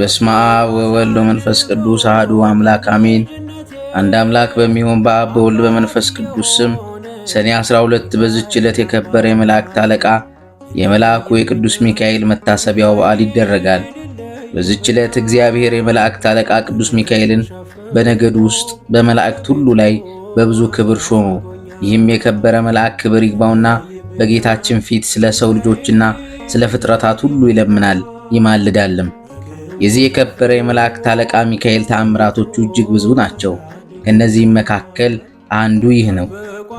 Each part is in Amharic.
በስመ አብ ወወልድ ወመንፈስ ቅዱስ አሐዱ አምላክ አሜን። አንድ አምላክ በሚሆን በአብ በወልድ በመንፈስ ቅዱስ ስም ሰኔ 12 በዝች ዕለት የከበረ የመላእክት አለቃ የመልአኩ የቅዱስ ሚካኤል መታሰቢያው በዓል ይደረጋል። በዝች ዕለት እግዚአብሔር የመላእክት አለቃ ቅዱስ ሚካኤልን በነገዱ ውስጥ በመላእክት ሁሉ ላይ በብዙ ክብር ሾመው። ይህም የከበረ መልአክ ክብር ይግባውና በጌታችን ፊት ስለ ሰው ልጆችና ስለ ፍጥረታት ሁሉ ይለምናል ይማልዳልም። የዚህ የከበረ የመላእክት አለቃ ሚካኤል ተአምራቶቹ እጅግ ብዙ ናቸው። ከእነዚህም መካከል አንዱ ይህ ነው።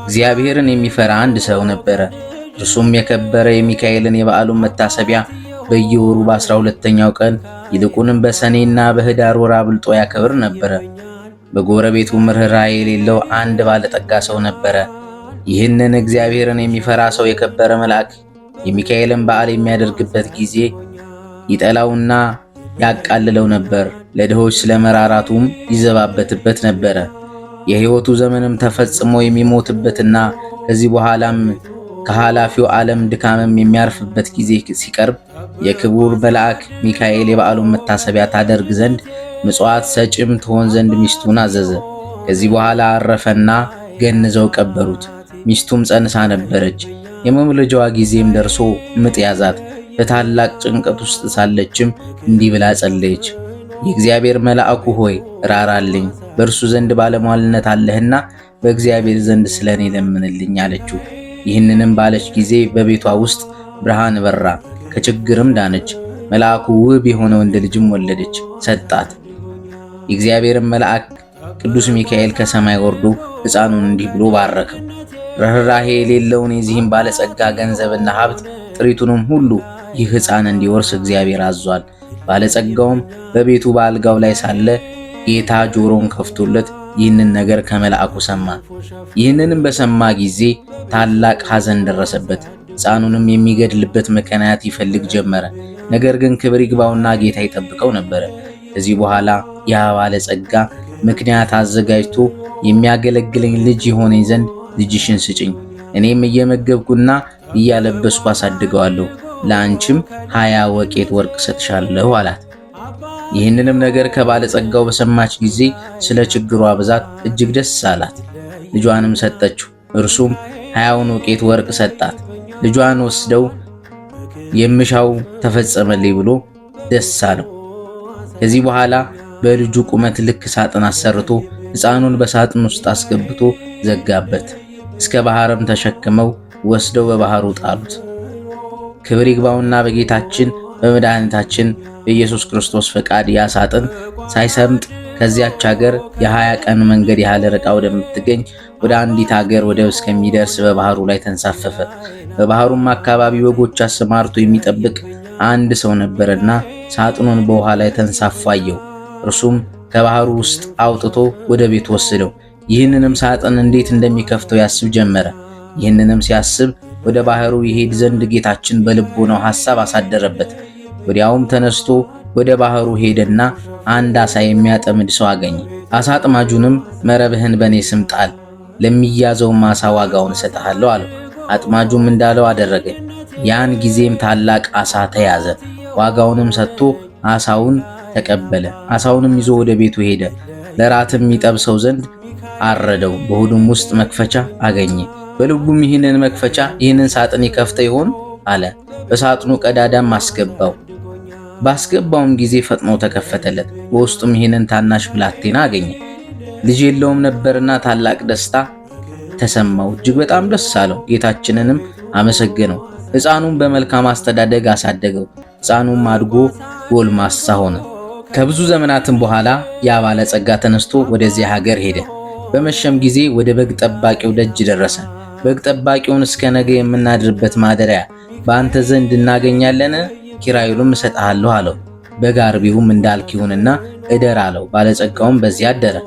እግዚአብሔርን የሚፈራ አንድ ሰው ነበረ። እርሱም የከበረ የሚካኤልን የበዓሉን መታሰቢያ በየወሩ በአስራ ሁለተኛው ቀን ይልቁንም በሰኔና በህዳር ወር አብልጦ ያከብር ነበረ። በጎረቤቱ ምርህራ የሌለው አንድ ባለጠጋ ሰው ነበረ። ይህንን እግዚአብሔርን የሚፈራ ሰው የከበረ መልአክ የሚካኤልን በዓል የሚያደርግበት ጊዜ ይጠላውና ያቃልለው ነበር። ለድሆች ስለመራራቱም ይዘባበትበት ነበረ። የሕይወቱ ዘመንም ተፈጽሞ የሚሞትበትና ከዚህ በኋላም ከኃላፊው ዓለም ድካምም የሚያርፍበት ጊዜ ሲቀርብ የክቡር መልአክ ሚካኤል የበዓሉን መታሰቢያ ታደርግ ዘንድ ምጽዋት ሰጭም ትሆን ዘንድ ሚስቱን አዘዘ። ከዚህ በኋላ አረፈና ገንዘው ቀበሩት። ሚስቱም ጸንሳ ነበረች። የመውለጃዋ ጊዜም ደርሶ ምጥ ያዛት። በታላቅ ጭንቀት ውስጥ ሳለችም እንዲህ ብላ ጸለየች። የእግዚአብሔር መልአኩ ሆይ ራራልኝ፣ በእርሱ ዘንድ ባለሟልነት አለህና በእግዚአብሔር ዘንድ ስለ እኔ ለምንልኝ አለችው። ይህንንም ባለች ጊዜ በቤቷ ውስጥ ብርሃን በራ፣ ከችግርም ዳነች። መልአኩ ውብ የሆነ ወንድ ልጅም ወለደች፣ ሰጣት። የእግዚአብሔርን መልአክ ቅዱስ ሚካኤል ከሰማይ ወርዶ ሕፃኑን እንዲህ ብሎ ባረከው። ርኅራሄ የሌለውን የዚህም ባለጸጋ ገንዘብና ሀብት ጥሪቱንም ሁሉ ይህ ሕፃን እንዲወርስ እግዚአብሔር አዟል። ባለጸጋውም በቤቱ በአልጋው ላይ ሳለ ጌታ ጆሮን ከፍቶለት ይህንን ነገር ከመልአኩ ሰማ። ይህንንም በሰማ ጊዜ ታላቅ ሐዘን ደረሰበት። ሕፃኑንም የሚገድልበት ምክንያት ይፈልግ ጀመረ። ነገር ግን ክብር ይግባውና ጌታ ይጠብቀው ነበረ። ከዚህ በኋላ ያ ባለጸጋ ምክንያት አዘጋጅቶ የሚያገለግለኝ ልጅ የሆነኝ ዘንድ ልጅሽን ስጭኝ፣ እኔም እየመገብኩና እያለበስኩ አሳድገዋለሁ ለአንቺም ሀያ ወቄት ወርቅ ሰጥሻለሁ አላት። ይህንንም ነገር ከባለጸጋው በሰማች ጊዜ ስለ ችግሯ ብዛት እጅግ ደስ አላት። ልጇንም ሰጠችው። እርሱም ሀያውን ወቄት ወርቅ ሰጣት። ልጇን ወስደው የምሻው ተፈጸመልኝ ብሎ ደስ አለው። ከዚህ በኋላ በልጁ ቁመት ልክ ሳጥን አሰርቶ ሕፃኑን በሳጥን ውስጥ አስገብቶ ዘጋበት። እስከ ባህርም ተሸክመው ወስደው በባህሩ ጣሉት። ክብር ይግባውና በጌታችን በመድኃኒታችን በኢየሱስ ክርስቶስ ፈቃድ ያሳጥን ሳጥን ሳይሰምጥ ከዚያች ሀገር የሀያ ቀን መንገድ ያህል ርቃ ወደምትገኝ ወደ አንዲት ሀገር ወደብ እስከሚደርስ በባህሩ ላይ ተንሳፈፈ። በባህሩም አካባቢ በጎች አሰማርቶ የሚጠብቅ አንድ ሰው ነበረና ሳጥኑን በውሃ ላይ ተንሳፎ አየው። እርሱም ከባህሩ ውስጥ አውጥቶ ወደ ቤት ወስደው ይህንንም ሳጥን እንዴት እንደሚከፍተው ያስብ ጀመረ። ይህንንም ሲያስብ ወደ ባህሩ ይሄድ ዘንድ ጌታችን ነው ሐሳብ አሳደረበት። ወዲያውም ተነስቶ ወደ ባህሩ ሄደና አንድ አሳ የሚያጠምድ ሰው አገኘ። አሳ አጥማጁንም መረብህን በእኔ ስም ጣል፣ ለሚያዘውም አሳ ዋጋውን እሰጥሃለሁ አለው። አጥማጁም እንዳለው አደረገ። ያን ጊዜም ታላቅ አሳ ተያዘ። ዋጋውንም ሰጥቶ አሳውን ተቀበለ። አሳውንም ይዞ ወደ ቤቱ ሄደ። ለራትም የሚጠብሰው ዘንድ አረደው፣ በሆዱም ውስጥ መክፈቻ አገኘ። በልቡም ይህንን መክፈቻ ይህንን ሳጥን ይከፍተ ይሆን አለ። በሳጥኑ ቀዳዳም አስገባው። ባስገባውም ጊዜ ፈጥኖ ተከፈተለት። በውስጡም ይህንን ታናሽ ብላቴና አገኘ። ልጅ የለውም ነበርና ታላቅ ደስታ ተሰማው። እጅግ በጣም ደስ አለው። ጌታችንንም አመሰገነው። ሕፃኑን በመልካም አስተዳደግ አሳደገው። ሕፃኑም አድጎ ጎልማሳ ሆነ። ከብዙ ዘመናትም በኋላ ያ ጸጋ ተነስቶ ወደዚያ ሀገር ሄደ። በመሸም ጊዜ ወደ በግ ጠባቂው ደጅ ደረሰ። በግ ጠባቂውን እስከ ነገ የምናድርበት ማደሪያ በአንተ ዘንድ እናገኛለን፣ ኪራዩንም እሰጥሃለሁ አለው። በግ አርቢውም እንዳልክ ይሁንና እደር አለው። ባለጸጋውም በዚያ አደረ።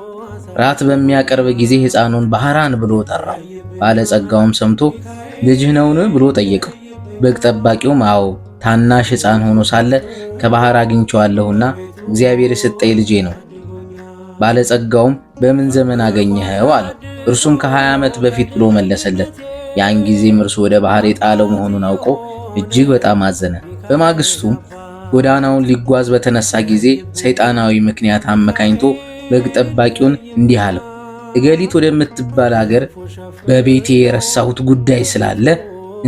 ራት በሚያቀርብ ጊዜ ሕፃኑን ባህራን ብሎ ጠራው። ባለጸጋውም ሰምቶ ልጅህ ነውን ብሎ ጠየቀው። በግ ጠባቂውም አዎ ታናሽ ሕፃን ሆኖ ሳለ ከባህር አግኝቸዋለሁና እግዚአብሔር የሰጠኝ ልጄ ነው። ባለጸጋውም በምን ዘመን አገኘኸው አለው። እርሱም ከ ከ20 ዓመት በፊት ብሎ መለሰለት። ያን ጊዜም እርሱ ወደ ባህር የጣለው መሆኑን አውቆ እጅግ በጣም አዘነ። በማግስቱም ጎዳናውን ሊጓዝ በተነሳ ጊዜ ሰይጣናዊ ምክንያት አመካኝቶ በግ ጠባቂውን እንዲህ አለው፣ እገሊት ወደምትባል አገር በቤቴ የረሳሁት ጉዳይ ስላለ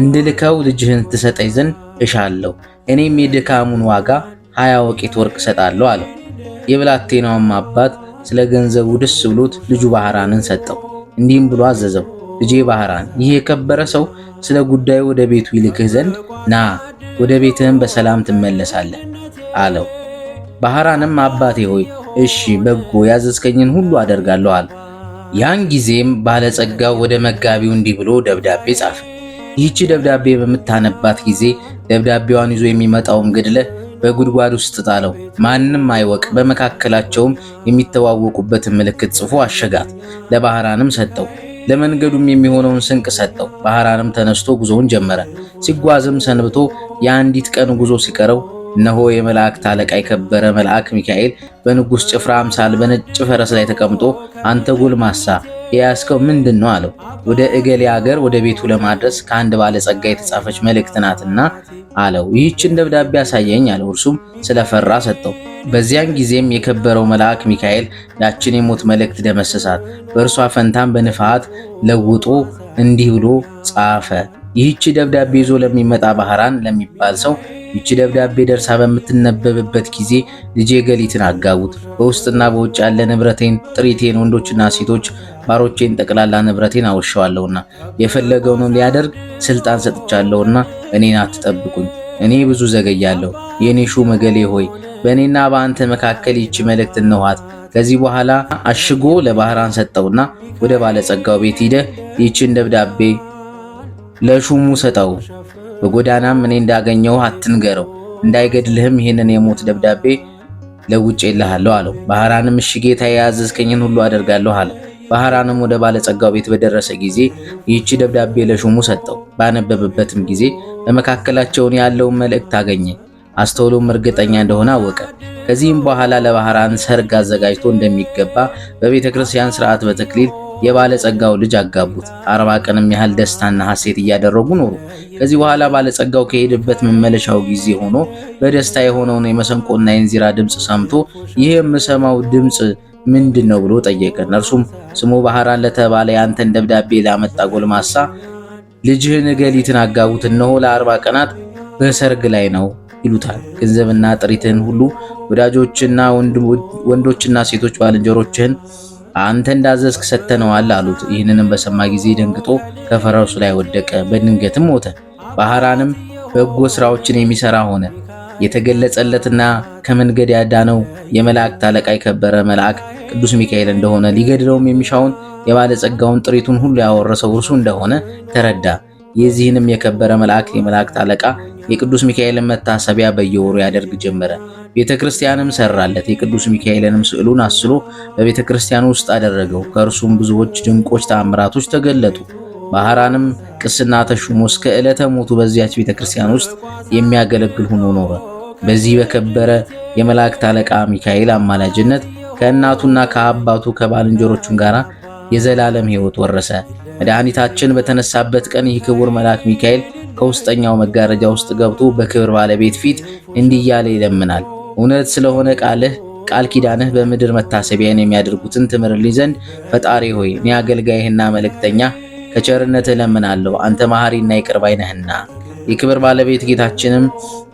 እንድልከው ልጅህን ትሰጠኝ ዘንድ እሻለሁ። እኔም የድካሙን ዋጋ ሀያ ወቄት ወርቅ እሰጣለሁ አለው። የብላቴናውም አባት ስለ ገንዘቡ ደስ ብሎት ልጁ ባህራንን ሰጠው። እንዲህም ብሎ አዘዘው፣ ልጄ ባህራን ይህ የከበረ ሰው ስለ ጉዳዩ ወደ ቤቱ ይልክህ ዘንድ ና፣ ወደ ቤትህም በሰላም ትመለሳለህ አለው። ባህራንም አባቴ ሆይ እሺ በጎ ያዘዝከኝን ሁሉ አደርጋለሁ አለ። ያን ጊዜም ባለጸጋው ወደ መጋቢው እንዲህ ብሎ ደብዳቤ ጻፈ። ይህቺ ደብዳቤ በምታነባት ጊዜ ደብዳቤዋን ይዞ የሚመጣውም ግድለህ በጉድጓድ ውስጥ ጣለው። ማንም አይወቅ። በመካከላቸውም የሚተዋወቁበትን ምልክት ጽፎ አሸጋት። ለባህራንም ሰጠው። ለመንገዱም የሚሆነውን ስንቅ ሰጠው። ባህራንም ተነስቶ ጉዞውን ጀመረ። ሲጓዝም ሰንብቶ የአንዲት ቀን ጉዞ ሲቀረው እነሆ የመላእክት አለቃ የከበረ መልአክ ሚካኤል በንጉሥ ጭፍራ አምሳል በነጭ ፈረስ ላይ ተቀምጦ አንተ ጎልማሳ የያዝከው ምንድን ነው አለው። ወደ እገሌ ሀገር ወደ ቤቱ ለማድረስ ከአንድ ባለጸጋ የተጻፈች መልእክት ናትና አለው። ይህችን ደብዳቤ አሳየኝ አለው። እርሱም ስለፈራ ሰጠው። በዚያን ጊዜም የከበረው መልአክ ሚካኤል ያችን የሞት መልእክት ደመሰሳት። በእርሷ ፈንታም በንፋት ለውጦ እንዲህ ብሎ ጻፈ። ይህቺ ደብዳቤ ይዞ ለሚመጣ ባህራን ለሚባል ሰው ይቺ ደብዳቤ ደርሳ በምትነበብበት ጊዜ ልጄ ገሊትን አጋቡት፣ በውስጥና በውጭ ያለ ንብረቴን፣ ጥሪቴን፣ ወንዶችና ሴቶች ባሮቼን፣ ጠቅላላ ንብረቴን አውሸዋለሁና የፈለገውን ሊያደርግ ስልጣን ሰጥቻለሁና እኔን አትጠብቁኝ። እኔ ብዙ ዘገያለሁ። የኔ ሹም እገሌ ሆይ በእኔና በአንተ መካከል ይቺ መልእክት ነውሃት ከዚህ በኋላ አሽጎ ለባህራን ሰጠውና ወደ ባለጸጋው ቤት ሂደህ ይቺን ደብዳቤ ለሹሙ ሰጠው። በጎዳናም እኔ እንዳገኘው አትንገረው፣ እንዳይገድልህም ይህንን የሞት ደብዳቤ ይልሃለሁ አለው። ባህራንም እሺ ጌታ፣ ያዘዝከኝን ሁሉ አደርጋለሁ አለ። ባህራንም ወደ ባለጸጋው ቤት በደረሰ ጊዜ ይህቺ ደብዳቤ ለሹሙ ሰጠው። ባነበበበትም ጊዜ በመካከላቸውን ያለውን መልእክት አገኘ። አስተውሎም እርግጠኛ እንደሆነ አወቀ። ከዚህም በኋላ ለባህራን ሰርግ አዘጋጅቶ እንደሚገባ በቤተ ክርስቲያን ስርዓት በተክሊል የባለጸጋው ልጅ አጋቡት። አርባ ቀንም ያህል ደስታና ሐሴት እያደረጉ ኖሩ። ከዚህ በኋላ ባለጸጋው ከሄደበት መመለሻው ጊዜ ሆኖ በደስታ የሆነውን የመሰንቆና የእንዚራ ድምፅ ሰምቶ ይህ የምሰማው ድምፅ ምንድን ነው ብሎ ጠየቀ። እነርሱም ስሙ ባህራን ለተባለ የአንተን ደብዳቤ ላመጣ ጎልማሳ ልጅህን እገሊትን አጋቡት፣ እነሆ ለአርባ ቀናት በሰርግ ላይ ነው ይሉታል። ገንዘብና ጥሪትህን ሁሉ ወዳጆችና ወንዶችና ሴቶች ባልንጀሮችህን አንተ እንዳዘዝክ ሰጥተነዋል አሉት። ይህንንም በሰማ ጊዜ ደንግጦ ከፈረሱ ላይ ወደቀ፣ በድንገትም ሞተ። ባህራንም በጎ ስራዎችን የሚሰራ ሆነ። የተገለጸለትና ከመንገድ ያዳነው የመላእክት አለቃ የከበረ መልአክ ቅዱስ ሚካኤል እንደሆነ ሊገድለውም የሚሻውን የባለጸጋውን ጥሪቱን ሁሉ ያወረሰው እርሱ እንደሆነ ተረዳ። የዚህንም የከበረ መልአክ የመላእክት አለቃ የቅዱስ ሚካኤልን መታሰቢያ በየወሩ ያደርግ ጀመረ። ቤተ ክርስቲያንም ሰራለት። የቅዱስ ሚካኤልንም ስዕሉን አስሎ በቤተ ክርስቲያን ውስጥ አደረገው። ከእርሱም ብዙዎች ድንቆች ተአምራቶች ተገለጡ። ባህራንም ቅስና ተሹሞ እስከ ዕለተ ሞቱ በዚያች ቤተ ክርስቲያን ውስጥ የሚያገለግል ሆኖ ኖረ። በዚህ በከበረ የመላእክት አለቃ ሚካኤል አማላጅነት ከእናቱና ከአባቱ ከባልንጀሮቹን ጋር የዘላለም ሕይወት ወረሰ። መድኃኒታችን በተነሳበት ቀን ይህ ክቡር መልአክ ሚካኤል ከውስጠኛው መጋረጃ ውስጥ ገብቶ በክብር ባለቤት ፊት እንዲህ እያለ ይለምናል። እውነት ስለሆነ ቃልህ ቃል ኪዳንህ በምድር መታሰቢያን የሚያደርጉትን ትምርልኝ ዘንድ ፈጣሪ ሆይ እኔ አገልጋይህና መልእክተኛ ከቸርነትህ እለምናለሁ። አንተ መሐሪና ይቅር ባይ ነህና። የክብር ባለቤት ጌታችንም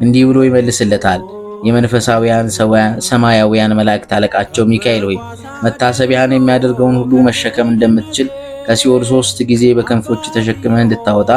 እንዲህ ብሎ ይመልስለታል። የመንፈሳውያን ሰማያውያን መላእክት አለቃቸው ሚካኤል ሆይ መታሰቢያን የሚያደርገውን ሁሉ መሸከም እንደምትችል ከሲኦል ሶስት ጊዜ በክንፎች ተሸክመህ እንድታወጣ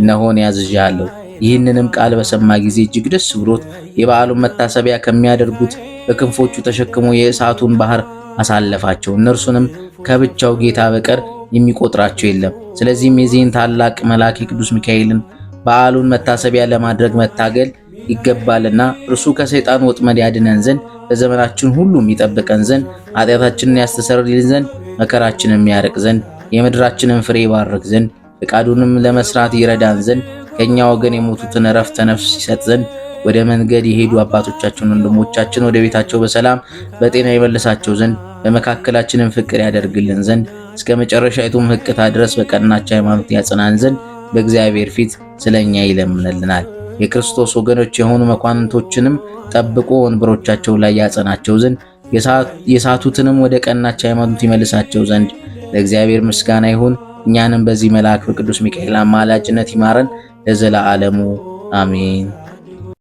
እነሆን ያዝዣለሁ። ይህንንም ቃል በሰማ ጊዜ እጅግ ደስ ብሎት የበዓሉን መታሰቢያ ከሚያደርጉት በክንፎቹ ተሸክሞ የእሳቱን ባህር አሳለፋቸው። እነርሱንም ከብቻው ጌታ በቀር የሚቆጥራቸው የለም። ስለዚህም የዚህን ታላቅ መልአክ ቅዱስ ሚካኤልን በዓሉን መታሰቢያ ለማድረግ መታገል ይገባልና እርሱ ከሰይጣን ወጥመድ ያድነን ዘንድ በዘመናችን ሁሉም ይጠብቀን ዘንድ ኃጢአታችንን ያስተሰርልን ዘንድ መከራችንን የሚያርቅ ዘንድ የምድራችንን ፍሬ ይባርክ ዘንድ ፍቃዱንም ለመስራት ይረዳን ዘንድ ከእኛ ወገን የሞቱትን እረፍተ ነፍስ ይሰጥ ዘንድ ወደ መንገድ የሄዱ አባቶቻችን ወንድሞቻችን ወደ ቤታቸው በሰላም በጤና ይመልሳቸው ዘንድ በመካከላችንም ፍቅር ያደርግልን ዘንድ እስከ መጨረሻይቱም ሕቅታ ድረስ በቀናች ሃይማኖት ያጽናን ዘንድ በእግዚአብሔር ፊት ስለኛ ይለምንልናል። የክርስቶስ ወገኖች የሆኑ መኳንንቶችንም ጠብቆ ወንበሮቻቸው ላይ ያጸናቸው ዘንድ የሳቱትንም ወደ ቀናች ሃይማኖት ይመልሳቸው ዘንድ ለእግዚአብሔር ምስጋና ይሁን። እኛንም በዚህ መልአክ በቅዱስ ሚካኤል አማላጅነት ይማረን ለዘላ ዓለሙ አሜን።